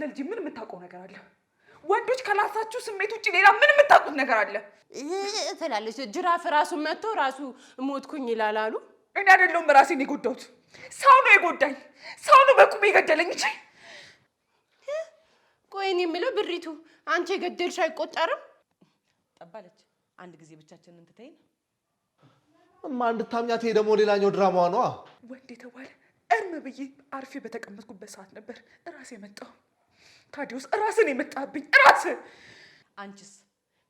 ስለ ልጅ ምን የምታውቀው ነገር አለ? ወንዶች ከራሳችሁ ስሜት ውጭ ሌላ ምን የምታውቁት ነገር አለ ትላለች። ጅራፍ ራሱ መጥቶ ራሱ ሞትኩኝ ይላል አሉ። እኔ አይደለሁም ራሴን የጎዳሁት፣ ሰው ነው የጎዳኝ። ሰው ነው በቁም የገደለኝ እንጂ። ቆይን የሚለው ብሪቱ፣ አንቺ የገደልሽ አይቆጠርም። ጠባለች አንድ ጊዜ ብቻችንን ትተይን እማ እንድታምኛት። ይሄ ደግሞ ሌላኛው ድራማ ነዋ። ወንድ የተባለ እርም ብዬ አርፌ በተቀመጥኩበት ሰዓት ነበር ራሴ መጣው። ታዲዮስ ራስን የመጣብኝ ራስ። አንቺስ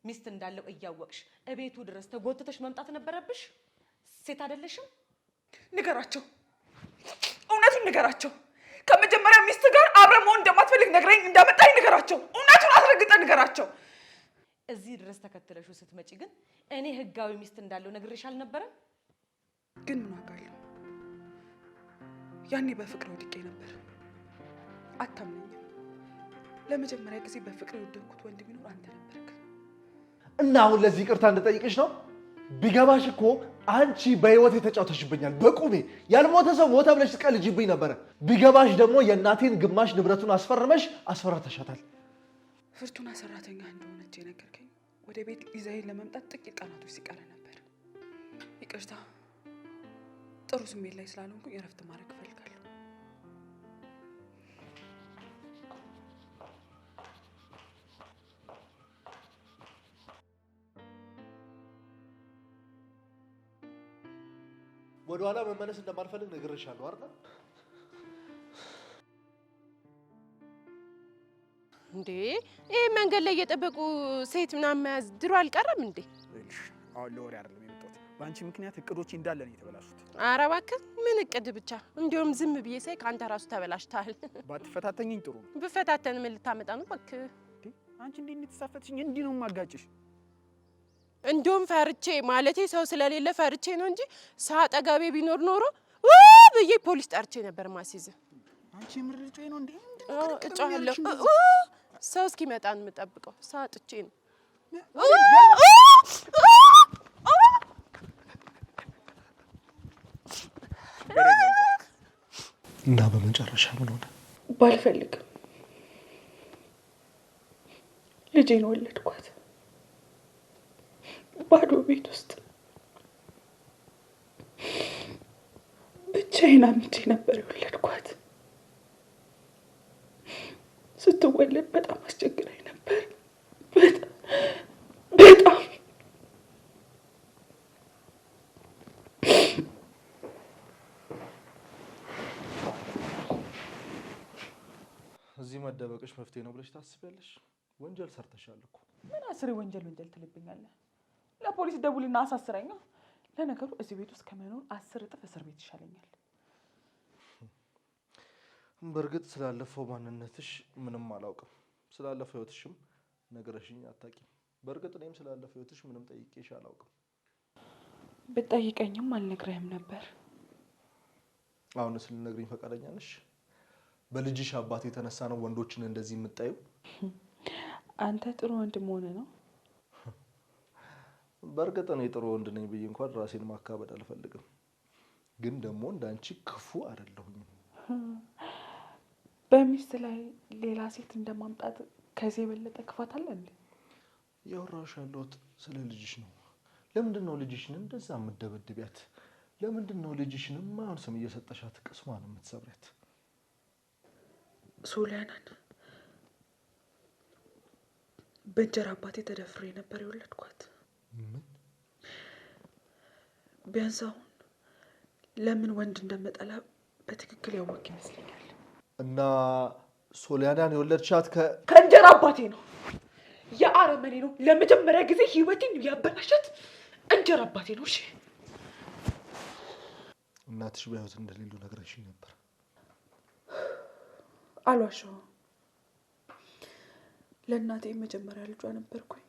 ሚስት እንዳለው እያወቅሽ እቤቱ ድረስ ተጎትተሽ መምጣት ነበረብሽ። ሴት አይደለሽም። ንገራቸው፣ እውነቱን ንገራቸው። ከመጀመሪያ ሚስት ጋር አብረ መሆን እንደማትፈልግ ነግረኝ እንዳመጣኝ ንገራቸው። እውነቱን አስረግጠ ንገራቸው። እዚህ ድረስ ተከትለሹ ስትመጪ ግን እኔ ህጋዊ ሚስት እንዳለው ነግሬሽ አልነበረም? ግን ምን ዋጋለሁ? ያኔ በፍቅር ወድቄ ነበር። አታምነኝም ለመጀመሪያ ጊዜ በፍቅር የወደድኩት ወንድ ቢኖር አንተ ነበርክ እና አሁን ለዚህ ይቅርታ እንድጠይቅሽ ነው። ቢገባሽ እኮ አንቺ በህይወት የተጫውተሽብኛል። በቁሜ ያልሞተ ሰው ሞተ ብለሽ ስትቀልጂብኝ ነበረ። ቢገባሽ ደግሞ የእናቴን ግማሽ ንብረቱን አስፈርመሽ አስፈራተሻታል። ፍርቱና ሰራተኛ እንደሆነች የነገርከኝ ወደ ቤት ይዘኸኝ ለመምጣት ጥቂት ቀናቶች ሲቀረ ነበር። ይቅርታ ጥሩ ስሜት ላይ ስላልሆንኩኝ እረፍት ማድረግ እፈልጋለሁ። ወደ ኋላ መመለስ እንደማልፈልግ ነግሬሻለሁ አይደል? እንዴ ይህ መንገድ ላይ እየጠበቁ ሴት ምናምን መያዝ ድሮ አልቀረም እንዴ? አሁን ለወሬ አይደለም የመጣሁት። በአንቺ ምክንያት እቅዶች እንዳለ ነው የተበላሹት። ኧረ እባክህ ምን እቅድ ብቻ። እንዲሁም ዝም ብዬ ሳይ ከአንተ ራሱ ተበላሽተሃል። ባትፈታተኝኝ ጥሩ ነው። ብፈታተን ምን ልታመጣ ነው? እባክህ አንቺ እንዴት ነው የተሳፈትሽኝ? እንዲህ ነው የማጋጭሽ እንዲሁም ፈርቼ ማለቴ ሰው ስለሌለ ፈርቼ ነው እንጂ ሳጠገቤ ቢኖር ኖሮ ብዬ ፖሊስ ጠርቼ ነበር ማስይዝ። እጫለሁ ሰው እስኪመጣ የምጠብቀው ሳጥቼ ነው። እና በመጨረሻ ምን ሆነ? ባልፈልግም ልጄን ወለድኳት። ባዶ ቤት ውስጥ ብቻዬን አምቼ ነበር የወለድኳት። ስትወለድ በጣም አስቸግራኝ ነበር። በጣም በጣም እዚህ መደበቅሽ መፍትሄ ነው ብለሽ ታስቢያለሽ? ወንጀል ሰርተሻል እኮ። ምን አስሬ ወንጀል ወንጀል ትልብኛለህ? ለፖሊስ ደውልና አሳስረኛ። ለነገሩ እዚህ ቤት ውስጥ ከመኖር አስር እጥፍ እስር ቤት ይሻለኛል። በእርግጥ ስላለፈው ማንነትሽ ምንም አላውቅም። ስላለፈው ህይወትሽም ነገረሽኝ አታውቂም። በእርግጥ እኔም ስላለፈው ህይወትሽ ምንም ጠይቄሽ አላውቅም። ብጠይቀኝም አልነግረህም ነበር። አሁንስ ልነግሪኝ ፈቃደኛ ነሽ? በልጅሽ አባት የተነሳ ነው ወንዶችን እንደዚህ የምታዩ? አንተ ጥሩ ወንድ ሆነ ነው በእርግጥ እኔ ጥሩ ወንድ ነኝ ብዬ እንኳን ራሴን ማካበድ አልፈልግም፣ ግን ደግሞ እንዳንቺ ክፉ አይደለሁኝም። በሚስት ላይ ሌላ ሴት እንደማምጣት ከዚህ የበለጠ ክፋት አለ እንዴ? ያወራሽ ያለሁት ስለ ልጅሽ ነው። ለምንድን ነው ልጅሽን እንደዛ የምደበድቢያት? ለምንድን ነው ልጅሽን ማን ስም እየሰጠሻት ቅስሟን የምትሰብሪያት? ሶሊያናን በእንጀራ አባቴ ተደፍሬ ነበር የወለድኳት። ምን ቢያንስ አሁን ለምን ወንድ እንደመጠላ በትክክል ያወቅ ይመስለኛል። እና ሶሊያናን የወለድሻት ከእንጀራ አባቴ ነው። የአረመኔ ነው። ለመጀመሪያ ጊዜ ህይወቴን ያበላሸት እንጀራ አባቴ ነው። እሺ እናትሽ በሕይወት እንደሌሉ ነግረሽኝ ነበር። አሏሸው ለእናቴ መጀመሪያ ልጇ ነበርኩኝ።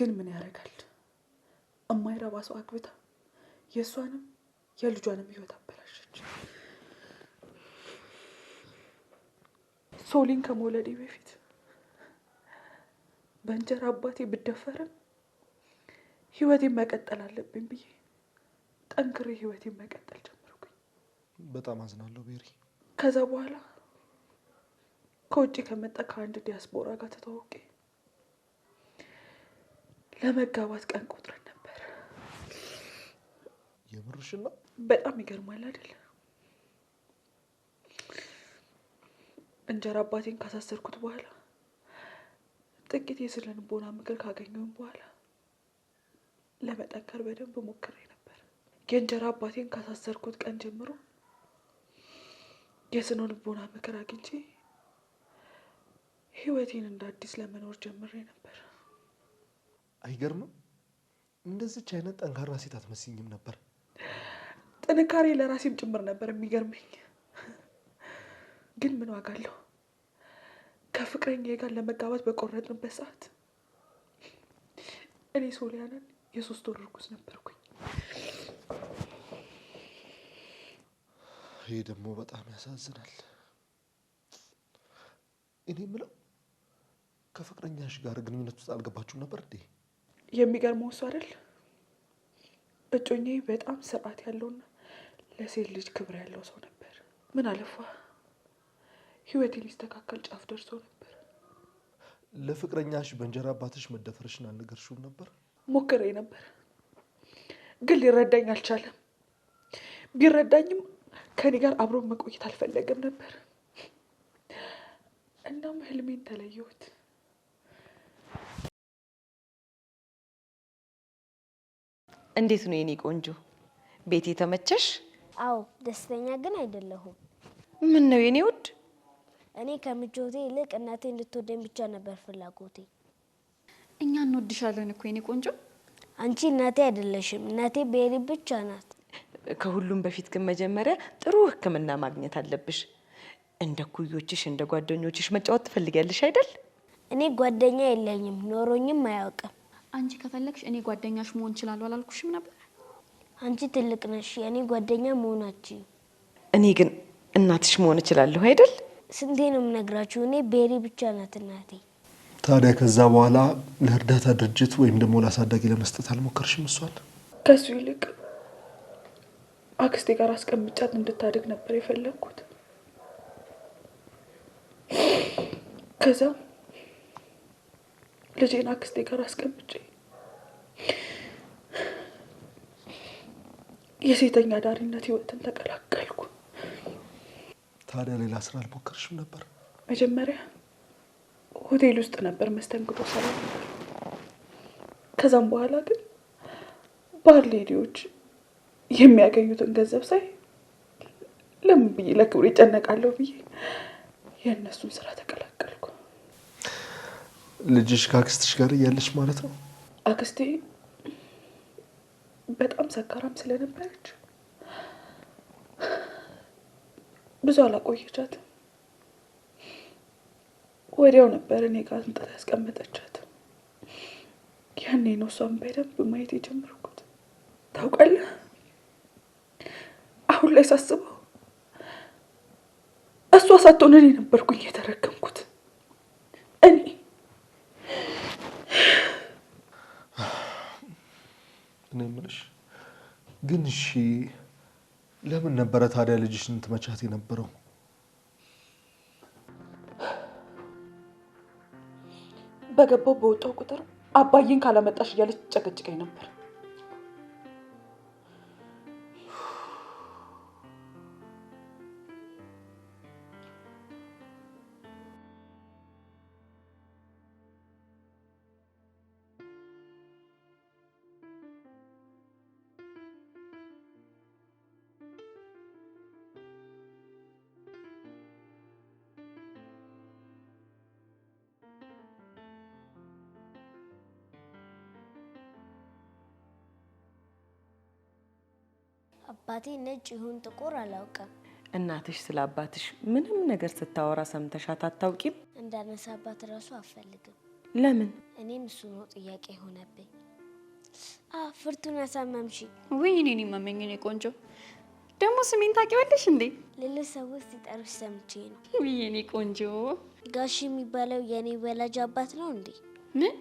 ግን ምን ያደርጋል እማይረባ ሰው አግብታ የእሷንም የልጇንም ህይወት አበላሸች። ሶሊን ከመውለዴ በፊት በእንጀራ አባቴ ብደፈርም ህይወቴን መቀጠል አለብኝ ብዬ ጠንክሬ ህይወቴን መቀጠል ጀምርኩኝ። በጣም አዝናለሁ ቤሪ። ከዛ በኋላ ከውጭ ከመጣ ከአንድ ዲያስፖራ ጋር ተተዋውቄ ለመጋባት ቀን ቆጥረን ነበር። የምርሽና በጣም ይገርማል አይደል? እንጀራ አባቴን ካሳሰርኩት በኋላ ጥቂት የስነ ልቦና ምክር ካገኘሁም በኋላ ለመጠንከር በደንብ ሞክሬ ነበር። የእንጀራ አባቴን ካሳሰርኩት ቀን ጀምሮ የስነ ልቦና ምክር አግኝቼ ህይወቴን እንደ አዲስ ለመኖር ጀምሬ ነበር። አይገርምም? እንደዚች አይነት ጠንካራ ሴት አትመስኝም ነበር። ጥንካሬ ለራሴም ጭምር ነበር የሚገርመኝ። ግን ምን ዋጋ አለው? ከፍቅረኛ ጋር ለመጋባት በቆረጥንበት ሰዓት እኔ ሶሊያንን የሶስት ወር እርጉዝ ነበርኩኝ። ይህ ደግሞ በጣም ያሳዝናል። እኔ የምለው ከፍቅረኛሽ ጋር ግንኙነት ውስጥ አልገባችሁም ነበር እንዴ? የሚገርመው እሱ አይደል እጮኛዬ በጣም ስርዓት ያለውና ለሴት ልጅ ክብር ያለው ሰው ነበር። ምን አለፋ ህይወት ሊስተካከል ጫፍ ደርሶ ነበር። ለፍቅረኛሽ በእንጀራ አባትሽ መደፈርሽን አልነገርሽውም ነበር? ሞክሬ ነበር፣ ግን ሊረዳኝ አልቻለም። ቢረዳኝም ከኔ ጋር አብሮ መቆየት አልፈለገም ነበር። እናም ህልሜን ተለየሁት። እንዴት ነው የኔ ቆንጆ? ቤት የተመቸሽ? አዎ፣ ደስተኛ ግን አይደለሁም። ምን ነው የኔ ውድ? እኔ ከምቾቴ ይልቅ እናቴ እንድትወደኝ ብቻ ነበር ፍላጎቴ። እኛ እንወድሻለን እኮ የኔ ቆንጆ። አንቺ እናቴ አይደለሽም። እናቴ ቤሪ ብቻ ናት። ከሁሉም በፊት ግን መጀመሪያ ጥሩ ሕክምና ማግኘት አለብሽ። እንደ ኩዮችሽ እንደ ጓደኞችሽ መጫወት ትፈልጊያለሽ አይደል? እኔ ጓደኛ የለኝም ኖሮኝም አያውቅም። አንቺ ከፈለግሽ እኔ ጓደኛሽ መሆን እችላለሁ አላልኩሽም ነበር? አንቺ ትልቅ ነሽ፣ የእኔ ጓደኛ መሆናችሁ። እኔ ግን እናትሽ መሆን እችላለሁ አይደል? ስንቴ ነው የምነግራችሁ? እኔ ቤሪ ብቻ ናት እናቴ። ታዲያ ከዛ በኋላ ለእርዳታ ድርጅት ወይም ደግሞ ለአሳዳጊ ለመስጠት አልሞከርሽም? እሷን ከሱ ይልቅ አክስቴ ጋር አስቀምጫት እንድታደግ ነበር የፈለግኩት ከዛም ልጄን አክስቴ ጋር አስቀምጬ የሴተኛ ዳሪነት ህይወትን ተቀላቀልኩ። ታዲያ ሌላ ስራ አልሞከርሽም ነበር? መጀመሪያ ሆቴል ውስጥ ነበር መስተንግዶ ሰራ። ከዛም በኋላ ግን ባር ሌዲዎች የሚያገኙትን ገንዘብ ሳይ ለምን ብዬ ይጨነቃለሁ ብዬ የእነሱን ስራ ተቀላቀልኩ። ልጅሽ ከአክስትሽ ጋር እያለች ማለት ነው። አክስቴ በጣም ሰካራም ስለነበረች ብዙ አላቆየቻት። ወዲያው ነበር እኔ ጋር እንጠት ያስቀመጠቻት። ያኔ ነው እሷን በደንብ ማየት የጀመርኩት። ታውቃለህ፣ አሁን ላይ ሳስበው እሷ ሳትሆን እኔ ነበርኩኝ የተረገምኩት። ነው የምልሽ። ግን እሺ፣ ለምን ነበረ ታዲያ ልጅሽን ትመቻት የነበረው? በገባው በወጣው ቁጥር አባዬን ካላመጣሽ እያለች ጨቀጭቀኝ ነበር። አባቴ ነጭ ይሁን ጥቁር አላውቅም። እናትሽ ስለ አባትሽ ምንም ነገር ስታወራ ሰምተሻት አታውቂም? አባት እራሱ አፈልግም? ለምን? እኔም እሱ ነው ጥያቄ የሆነብኝ። ፍርቱን ያሳመምሽ። ውይ እኔን የማመኝ ነው ቆንጆ። ደግሞ ስሜን ታውቂዋለሽ እንዴ? ሌሎች ሰዎች ሲጠሩሽ ሰምቼ ነው። ውይ እኔ ቆንጆ። ጋሽ የሚባለው የእኔ ወላጅ አባት ነው እንዴ? ምን?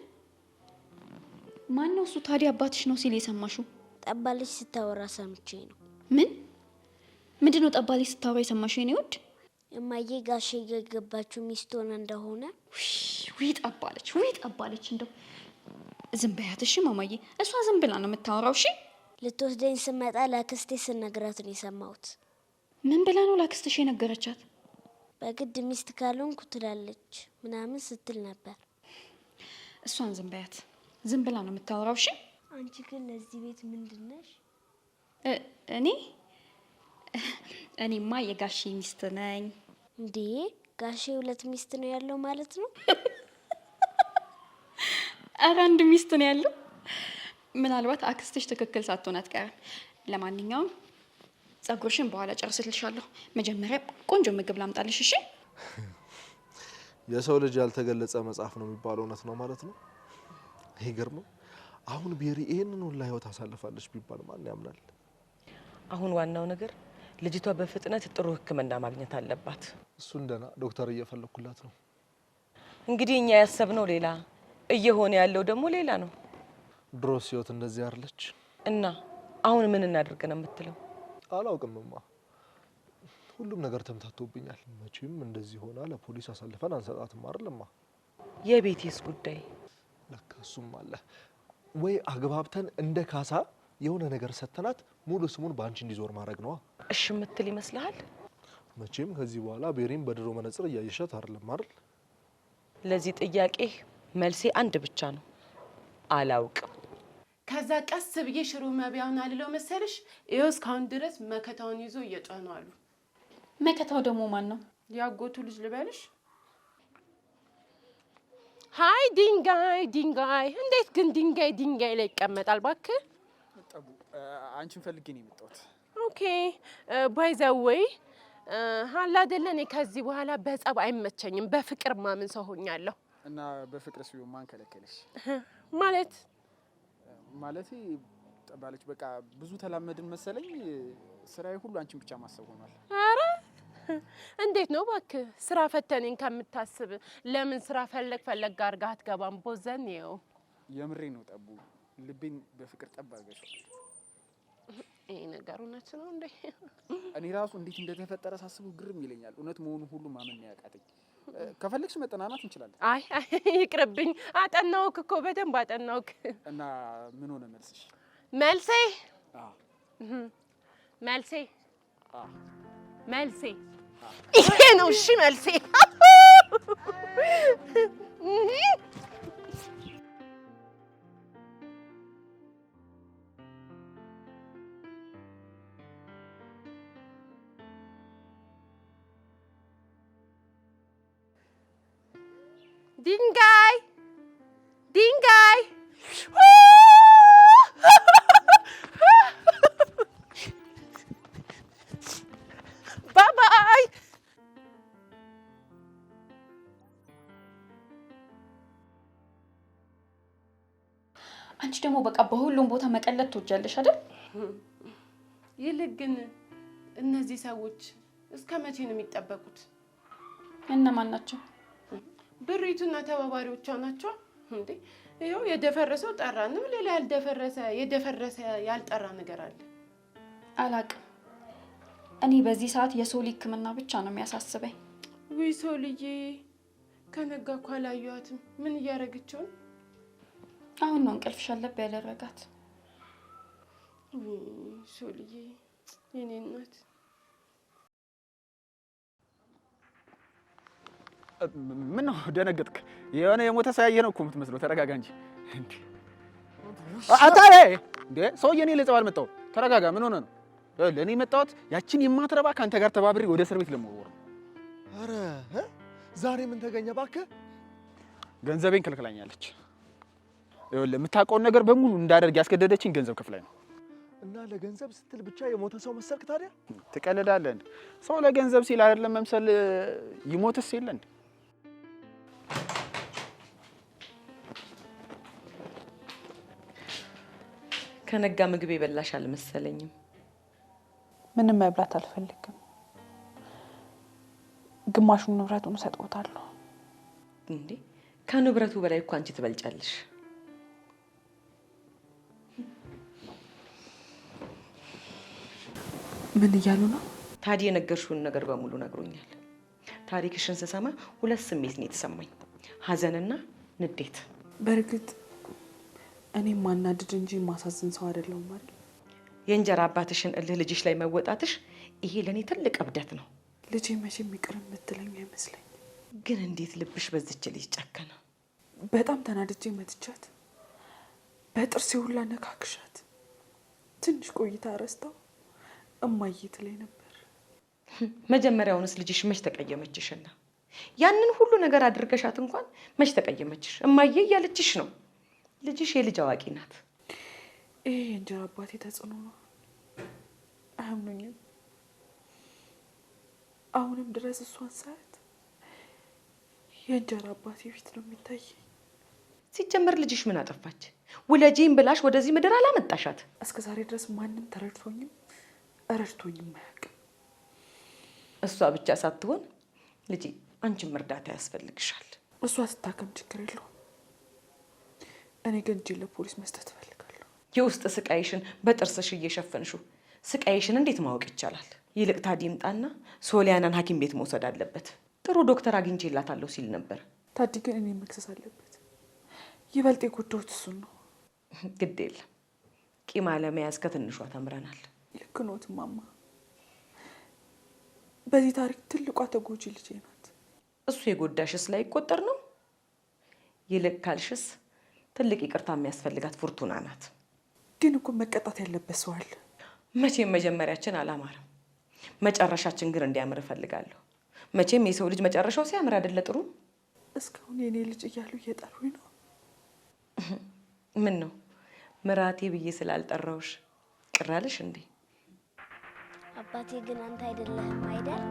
ማን ነው እሱ ታዲያ? አባትሽ ነው ሲል የሰማሽው? ጠባለች ስታወራ ሰምቼ ነው። ምን ምንድን ነው ጠባለች ስታወራ የሰማሽ? ኔ ውድ እማዬ ጋሼ የገባችው ሚስት እንደሆነ ውይ ጠባለች፣ ውይ ጠባለች። እንደው ዝም በያት እሺ ማማዬ፣ እሷ ዝም ብላ ነው የምታወራው። እሺ ልትወስደኝ ስመጣ ለክስቴ ስነግራት ነው የሰማሁት። ምን ብላ ነው ለአክስትሽ የነገረቻት? በግድ ሚስት ካልሆንኩ ትላለች ምናምን ስትል ነበር። እሷን ዝም በያት፣ ዝም ብላ ነው የምታወራው። እሺ አንቺ ግን ለዚህ ቤት ምንድን ነሽ? እኔ እኔማ የጋሼ ሚስት ነኝ። እንዴ ጋሼ ሁለት ሚስት ነው ያለው ማለት ነው? አረ አንድ ሚስት ነው ያለው። ምናልባት አክስትሽ ትክክል ሳትሆን አትቀርም። ለማንኛውም ጸጉርሽን በኋላ ጨርስልሻለሁ። መጀመሪያ ቆንጆ ምግብ ላምጣልሽ። እሺ። የሰው ልጅ ያልተገለጸ መጽሐፍ ነው የሚባለው እውነት ነው ማለት ነው። ይገርመው አሁን ቤሪ ይህንን ሁላ ህይወት አሳልፋለች ቢባል ማን ያምናል? አሁን ዋናው ነገር ልጅቷ በፍጥነት ጥሩ ሕክምና ማግኘት አለባት። እሱን ደህና ዶክተር እየፈለኩላት ነው። እንግዲህ እኛ ያሰብነው ሌላ እየሆነ ያለው ደግሞ ሌላ ነው። ድሮስ ህይወት እንደዚህ አለች እና አሁን ምን እናድርግ ነው የምትለው? አላውቅምማ። ሁሉም ነገር ተምታቶብኛል። መቼም እንደዚህ ሆና ለፖሊስ አሳልፈን አንሰጣትም አይደልማ። የቤቴስ ጉዳይ ለካ እሱም አለ ወይ አግባብተን እንደ ካሳ የሆነ ነገር ሰተናት ሙሉ ስሙን በአንቺ እንዲዞር ማድረግ ነዋ። እሺ ምትል ይመስልሃል? መቼም ከዚህ በኋላ ቤሪም በድሮ መነጽር እያየሻት አይደለም አይደል? ለዚህ ጥያቄ መልሴ አንድ ብቻ ነው፣ አላውቅም። ከዛ ቀስ ብዬ ሽሮ መቢያውን አልለው መሰልሽ። ይኸው እስካሁን ድረስ መከታውን ይዞ እየጫኑ አሉ። መከታው ደግሞ ማን ነው? ያጎቱ ልጅ ልበልሽ? ሀይ ድንጋይ ድንጋይ፣ እንዴት ግን ድንጋይ ድንጋይ ላይ ይቀመጣል? እባክህ አንቺን ፈልጌ ነው የመጣሁት። ኦኬ ባይ ዘ ወይ ሀላ አይደለ፣ እኔ ከዚህ በኋላ በጸብ አይመቸኝም። በፍቅር ማምን ሰው ሆኛለሁ። እና በፍቅር ሲሆን ማን ከለከለሽ? ማለት ማለት ባለች በቃ ብዙ ተላመድን መሰለኝ። ስራዬ ሁሉ አንቺን ብቻ ማሰብ ሆኗል። እንዴት ነው እባክህ ስራ ፈተኔን ከምታስብ ለምን ስራ ፈለግ ፈለግ አድርገህ አትገባም? ቦዘን ይኸው የምሬ ነው። ጠቡ ልቤን በፍቅር ጠብ አድርገሽ ይሄ ነገር እውነት ነው እንዴ? እኔ ራሱ እንዴት እንደተፈጠረ ሳስቡ ግርም ይለኛል። እውነት መሆኑ ሁሉ ማመን ያቃተኝ። ከፈለግሽ መጠናናት እንችላለን። አይ ይቅርብኝ። አጠናውክ እኮ በደንብ አጠናውክ። እና ምን ሆነ መልስሽ? መልሴ መልሴ መልሴ يمين وشمال فيها دينجاي ትወጃለሽ አይደል? ይልቅ ግን እነዚህ ሰዎች እስከ መቼ ነው የሚጠበቁት? እነማን ናቸው? ብሪቱና ተባባሪዎቿ ናቸው እንዴ? ይኸው የደፈረሰው ጠራንም፣ ሌላ ያልደፈረሰ የደፈረሰ ያልጠራ ነገር አለ። አላቅም። እኔ በዚህ ሰዓት የሶሊ ሕክምና ብቻ ነው የሚያሳስበኝ። ውይ ሶልዬ፣ ከነጋ እኮ አላየኋትም። ምን እያደረገችውን? አሁን ነው እንቅልፍ ሸለብ ያደረጋት። ሶልዬ የኔ እናት ምን ነው ደነገጥክ? የሆነ የሞተ ሰው ያየ ነው እኮ የምትመስለው። ተረጋጋ እንጂ አታሬ እንዴ! ሰውዬ እኔ ለጸብ አልመጣሁም። ተረጋጋ። ምን ሆነ ነው ለእኔ የመጣሁት ያችን የማትረባ ከአንተ ጋር ተባብሬ ወደ እስር ቤት ለመወር ነው። ኧረ ዛሬ ምን ተገኘ እባክህ? ገንዘቤን ከልክላኛለች። ይኸውልህ የምታውቀውን ነገር በሙሉ እንዳደርግ ያስገደደችኝ ገንዘብ ከፍላኝ ነው። እና ለገንዘብ ስትል ብቻ የሞተ ሰው መሰልክ? ታዲያ ትቀልዳለን። ሰው ለገንዘብ ሲል አይደለም መምሰል ይሞትስ እንዴ ከነጋ ምግብ የበላሽ አልመሰለኝም። ምንም መብላት አልፈልግም። ግማሹን ንብረቱን እሰጥዎታለሁ። እንዴ ከንብረቱ በላይ እኮ አንቺ ትበልጫለሽ። ምን እያሉ ነው? ታዲ የነገርሽውን ነገር በሙሉ ነግሮኛል። ታሪክሽን ስሰማ ሁለት ስሜት ነው የተሰማኝ፣ ሀዘንና ንዴት። በእርግጥ እኔም ማናድድ እንጂ ማሳዝን ሰው አይደለሁም አይደል? የእንጀራ አባትሽን እልህ ልጅሽ ላይ መወጣትሽ፣ ይሄ ለእኔ ትልቅ እብደት ነው። ልጄ መቼም ይቅር የምትለኝ አይመስለኝ። ግን እንዴት ልብሽ በዝች ልጅ ጨከነ? በጣም ተናድጄ መትቻት፣ በጥርሴ ሁላ ነካክሻት። ትንሽ ቆይታ ረስተው እማዬ ላይ ነበር። መጀመሪያውንስ ልጅሽ መች ተቀየመችሽና? ያንን ሁሉ ነገር አድርገሻት እንኳን መች ተቀየመችሽ? እማዬ እያለችሽ ነው። ልጅሽ የልጅ አዋቂ ናት። ይሄ የእንጀራ አባቴ ተጽዕኖ ነው። አያምኑኝም። አሁንም ድረስ እሷን ሳያት የእንጀራ አባቴ ፊት ነው የሚታይ። ሲጀመር ልጅሽ ምን አጠፋች? ውለጂም ብላሽ ወደዚህ ምድር አላመጣሻት። እስከ ዛሬ ድረስ ማንም ተረድቶኝም ረድቶኝ የማያውቅ እሷ ብቻ ሳትሆን ልጄ አንቺም እርዳታ ያስፈልግሻል። እሷ ስታከም ችግር የለውም። እኔ ግን እጄን ለፖሊስ መስጠት እፈልጋለሁ። የውስጥ ስቃይሽን በጥርስሽ እየሸፈንሽው ስቃይሽን እንዴት ማወቅ ይቻላል? ይልቅ ታዲ ይምጣና ሶሊያናን ሐኪም ቤት መውሰድ አለበት። ጥሩ ዶክተር አግኝቼላታለሁ ሲል ነበር። ታዲ ግን እኔ መክሰስ አለበት። ይበልጥ የጎዳሁት እሱን ነው። ግድ የለም ቂም አለመያዝ ከትንሿ ተምረናል። ልክ ኖት ማማ። በዚህ ታሪክ ትልቋ ተጎጂ ልጄ ናት። እሱ የጎዳሽስ ላይ ይቆጠር ነው። ይልቅ ካልሽስ ትልቅ ይቅርታ የሚያስፈልጋት ፉርቱና ናት። ግን እኮ መቀጣት ያለበት ሰው አለ። መቼም መጀመሪያችን አላማረም፣ መጨረሻችን ግን እንዲያምር እፈልጋለሁ። መቼም የሰው ልጅ መጨረሻው ሲያምር አይደለ ጥሩ። እስካሁን የእኔ ልጅ እያሉ እየጠሩኝ ነው። ምን ነው ምራቴ ብዬ ስላልጠራውሽ ቅራልሽ እንዴ? አባቴ ግን አንተ አይደለህም አይደል?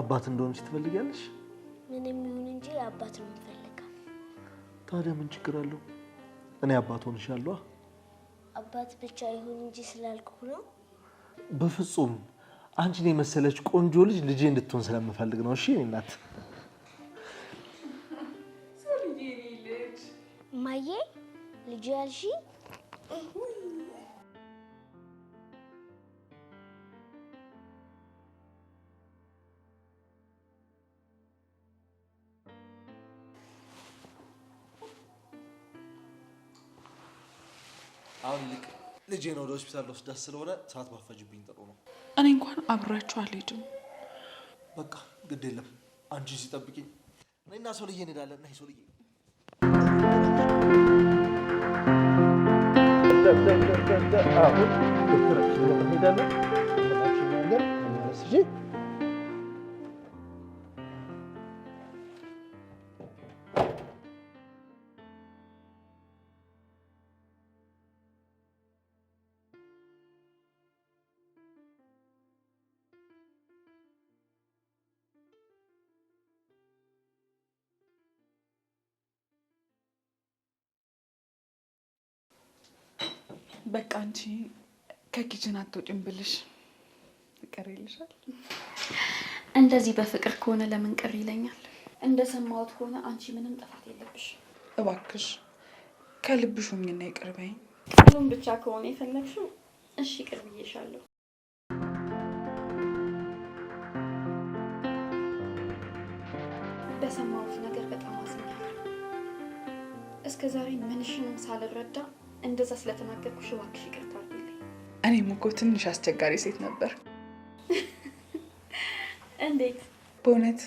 አባት እንደሆንሽ ትፈልጊያለሽ? ምንም ይሁን እንጂ አባት ነው የምፈልገው። ታዲያ ምን ችግር አለው? እኔ አባት ሆንሻለሁ። አባት ብቻ ይሁን እንጂ ስላልኩ ነው። በፍጹም አንቺን የመሰለች ቆንጆ ልጅ ልጄ እንድትሆን ስለምፈልግ ነው። እሺ እናት ልጅ ያልሺ አሁን ልቅ ልጄን ወደ ሆስፒታል ልወስዳት ስለሆነ ሰዓት ባፈጅብኝ ጥሩ ነው። እኔ እንኳን አብሬያችሁ አልሄድም። በቃ ግድ የለም አንቺ ሲጠብቂኝ እኔና ሰውልዬ እንሄዳለን። ና ሰውልዬ አሁን ዶክተራችን ሄዳለን። ሽ በቃ አንቺ ከኪችን አትወጪም ብልሽ ቅር ይልሻል። እንደዚህ በፍቅር ከሆነ ለምን ቅር ይለኛል? እንደሰማሁት ከሆነ አንቺ ምንም ጥፋት የለብሽ። እባክሽ ከልብሽ ሁኝና ይቅር በይኝ። ሁሉም ብቻ ከሆነ የፈለግሽው እሺ ቅር ብዬሻለሁ። በሰማሁት ነገር በጣም አዝኛለሁ። እስከ ዛሬ ምንሽንም ሳልረዳ እንደዛ ስለተናገርኩሽ እባክሽ ይቅርታ አድርጊልኝ። እኔም እኮ ትንሽ አስቸጋሪ ሴት ነበር። እንዴት በእውነት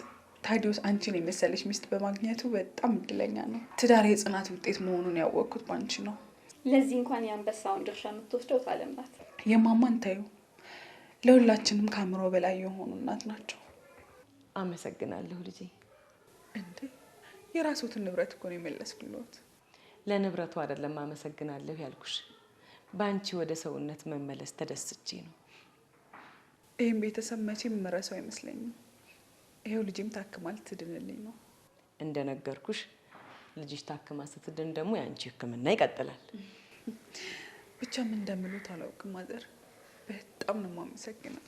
ታዲዮስ አንቺን የመሰለች ሚስት በማግኘቱ በጣም እድለኛ ነው። ትዳር የጽናት ውጤት መሆኑን ያወቅኩት ባንቺ ነው። ለዚህ እንኳን የአንበሳውን ድርሻ የምትወስደው ታለምናት የማማን ታዩ ለሁላችንም ከአእምሮ በላይ የሆኑ እናት ናቸው። አመሰግናለሁ ልጄ። እንዴ የራስዎትን ንብረት እኮ ነው ብሎት ለንብረቱ አይደለም አመሰግናለሁ ያልኩሽ፣ በአንቺ ወደ ሰውነት መመለስ ተደስቼ ነው። ይህም ቤተሰብ መቼም የምረሳው አይመስለኝም። ይሄው ልጅም ታክማል ትድንልኝ ነው። እንደነገርኩሽ ልጅሽ ታክማ ስትድን ደግሞ የአንቺ ሕክምና ይቀጥላል። ብቻ ምን እንደምሉት አላውቅም። ማዘር በጣም ነው የማመሰግነው።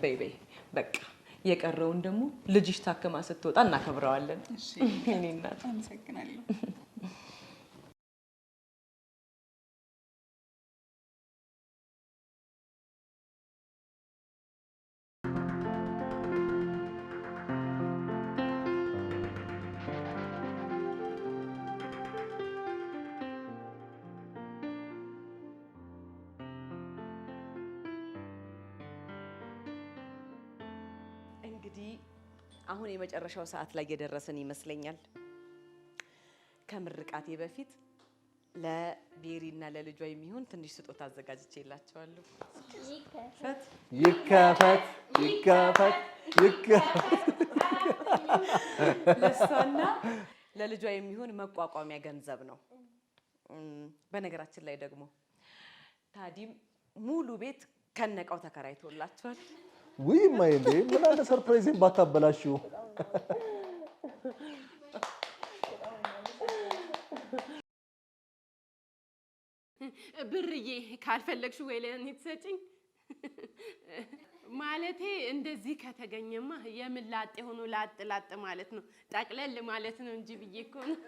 በይ በይ በቃ የቀረውን ደግሞ ልጅሽ ታክማ ስትወጣ እናከብረዋለን። እኔ እናት አመሰግናለሁ። እንግዲህ አሁን የመጨረሻው ሰዓት ላይ የደረሰን ይመስለኛል። ከምርቃቴ በፊት ለቤሪ እና ለልጇ የሚሆን ትንሽ ስጦታ አዘጋጅቼላቸዋለሁ። ይከፈት ይከፈት ለእሷና ለልጇ የሚሆን መቋቋሚያ ገንዘብ ነው። በነገራችን ላይ ደግሞ ታዲም ሙሉ ቤት ከነቃው ተከራይቶላቸዋል። ውይ ማይ እንዴ ምን አለ ሰርፕራይዜን ባታበላሽው። ብርዬ ካልፈለግሽ ወይ ለእኔ ትሰጪኝ። ማለቴ እንደዚህ ከተገኘማ የምን ላጤ ሆኖ ላጥ ላጥ ማለት ነው፣ ጠቅለል ማለት ነው እንጂ ብዬ እኮ ነው።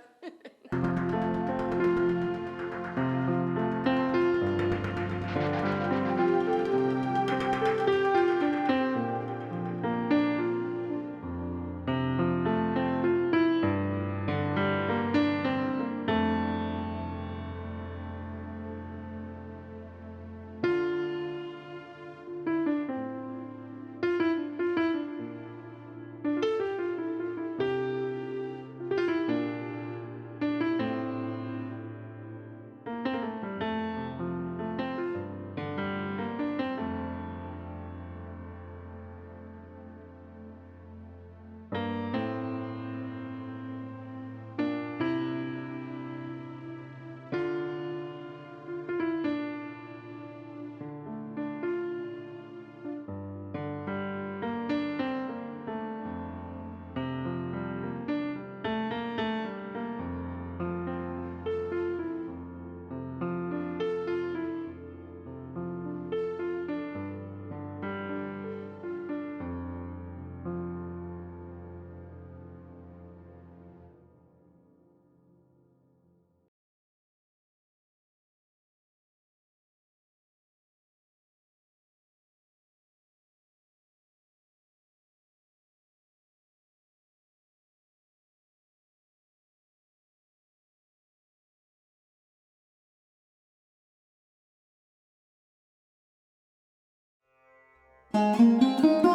Thank you.